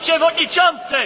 przewodniczący!